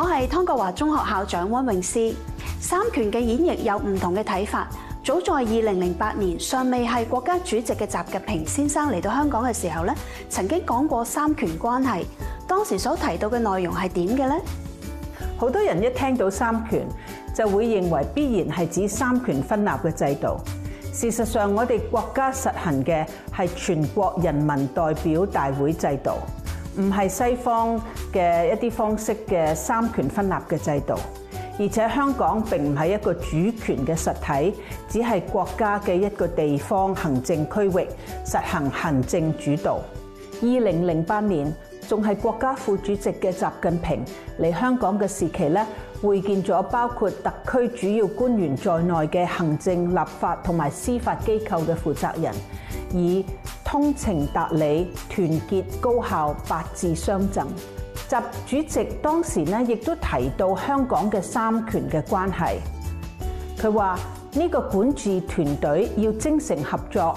我係湯國華中學校長溫頴思。三權嘅演繹有唔同嘅睇法。早在二零零八年，尚未係國家主席嘅習近平先生嚟到香港嘅時候咧，曾經講過三權關係。當時所提到嘅內容係點嘅呢？好多人一聽到三權，就會認為必然係指三權分立嘅制度。事實上，我哋國家實行嘅係全國人民代表大會制度。唔係西方嘅一啲方式嘅三權分立嘅制度，而且香港並唔係一個主權嘅實體，只係國家嘅一個地方行政區域，實行行政主導。二零零八年。仲係國家副主席嘅習近平嚟香港嘅時期咧，會見咗包括特區主要官員在內嘅行政、立法同埋司法機構嘅負責人，以通情達理、團結高效八字相贈。習主席當時咧亦都提到香港嘅三權嘅關係，佢話呢個管治團隊要精誠合作。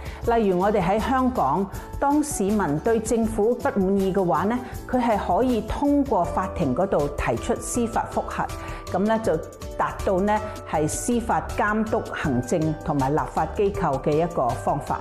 例如我哋喺香港，當市民對政府不滿意嘅話咧，佢係可以通過法庭嗰度提出司法覆核，咁咧就達到咧係司法監督行政同埋立法機構嘅一個方法。